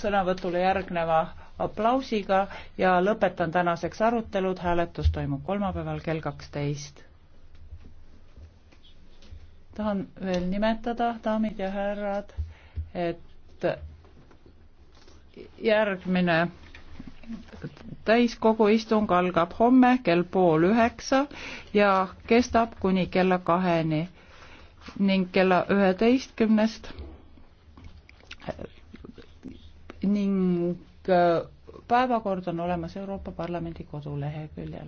sõnavõtule järgneva aplausiga ja lõpetan tänaseks arutelud. hääletus toimub kolmapäeval kell kaksteist. tahan veel nimetada, daamid ja härrad, et järgmine täiskogu istung algab homme kell pool üheksa ja kestab kuni kella kaheni ning kella üheteistkümnest ning äh, päevakord on olemas Euroopa Parlamendi koduleheküljel.